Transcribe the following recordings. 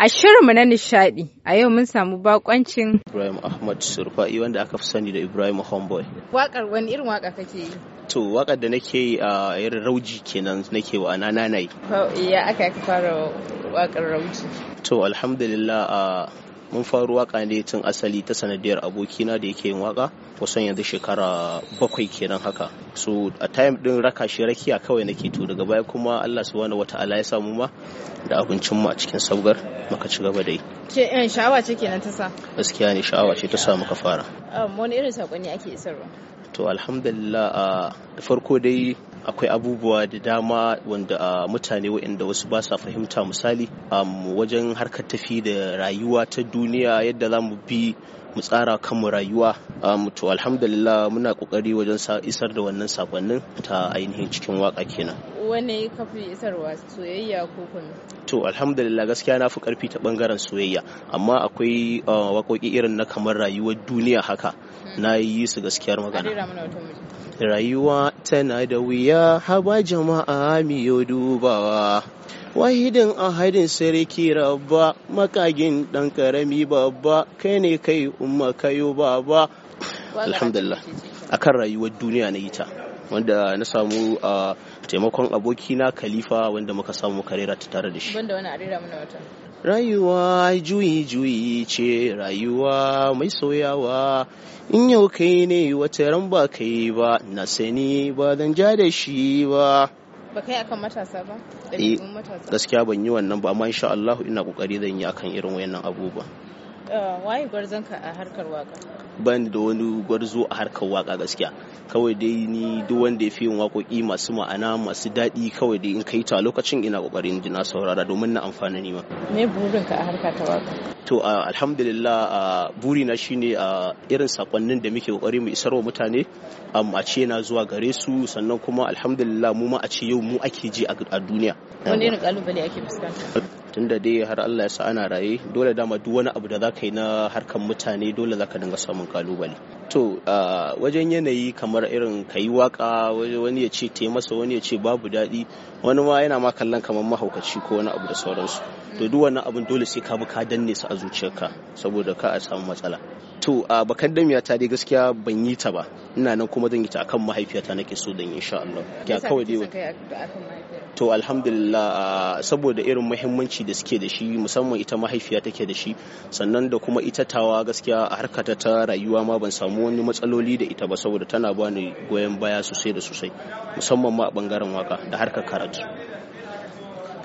A shirinmu na nishadi a yau mun samu bakoncin Ibrahim Ahmad Surfa'i wanda aka fi sani da Ibrahim Homeboy. Wakar wani irin waka kake yi? To wakar da nake yi a irin rauji kenan nake wa anana yi. Ya aka fara wakar rauji? To alhamdulillah mun faru waka ne tun asali ta sanadiyar abokina da yake yin waka kusan yanzu shekara bakwai kenan haka so a time din raka shi rakiya kawai nake to daga baya kuma Allah wata ala ya samu ma da abincin mu a cikin saugar maka ci gaba da yi ke yan eh, sha'awa ce kenan ta sa gaskiya ne sha'awa ce ta sa muka fara um, wani irin sakonni ake isarwa to alhamdulillah da farko dai akwai abubuwa da dama wanda mutane waɗanda wasu ba sa fahimta misali wajen harkar tafi da rayuwa ta duniya yadda za mu bi mu tsara kanmu rayuwa to alhamdulillah muna ƙoƙari wajen isar da wannan sakonnin ta ainihin cikin waƙa kenan wanne ka fi isarwa soyayya ko kuma to alhamdulillah gaskiya na fi karfi ta bangaren soyayya amma akwai uh, wakoki irin na kamar rayuwar duniya haka hmm. na yi su gaskiyar magana rayuwa tana da wuya haba jama'a miyo dubawa wahidin ahadin sarki rabba makagin dan karami babba kai ne kai umma kayo baba alhamdulillah akan rayuwar duniya na yi ta wanda na samu a uh, taimakon abokina khalifa wanda muka samu rera ta tare da shi banda wani arera mana wata rayuwa juyi juyi ce rayuwa mai soyawa in yau kai ne wata ran ba kai ba na sani ba dan ja da shi ba ba kai akan matasa ba eh, gaskiya ban yi wannan ba amma insha Allah ina kokari zan yi akan irin wayannan abubuwa Eh, waye gwarzonka a harkar waka ban da wani gwarzo a harkar waka gaskiya kawai dai ni duk wanda ya fi yin waƙoƙi masu ma'ana masu daɗi kawai dai in kai ta lokacin ina ƙoƙarin ji na saurara domin na amfana ni ma me burinka a harkar ta waka to alhamdulillah buri na shine a irin sakonnin da muke ƙoƙari mu isar wa mutane a ce yana zuwa gare su sannan kuma alhamdulillah mu ma a ce yau mu ake ji a duniya wani irin kalubale ake fuskanta Tun da dai har Allah ya sa ana raye dole dama duk wani abu da za ka yi na harkar mutane dole za ka dinga samun kalubale to wajen yanayi kamar irin ka yi waka wani ya ce te masa wani ya ce babu daɗi wani ma yana ma kallon kamar mahaukaci ko wani abu da sauransu to duk wani abin dole sai ka bi ka danne su a zuciyarka saboda ka a samu matsala to a bakan damiya ta dai gaskiya ban yi ta ba ina nan kuma zan yi ta akan mahaifiyata nake so dan insha Allah ya kawai dai to alhamdulillah saboda irin muhimmanci da suke da shi musamman ita mahaifiya take da shi sannan da kuma ita tawa gaskiya a harkata ta rayuwa ma ban samu wani matsaloli da ita ba saboda tana bani goyon baya sosai da sosai musamman ma a bangaren waka da harkar karatu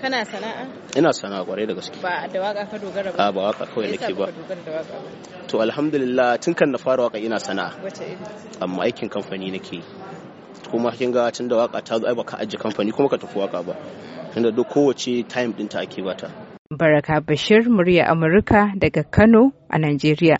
kana sana'a ina sana'a kwarai da gaske ba da waka ka dogara ba ba waka kawai nake ba to alhamdulillah tun kan na fara waka ina sana'a amma aikin kamfani nake kuma kin ga tun da waka ta zo ai baka ajiye kamfani kuma ka tafi waka ba tunda duk kowace time dinta ake bata Baraka Bashir, murya Amurka daga Kano a Najeriya.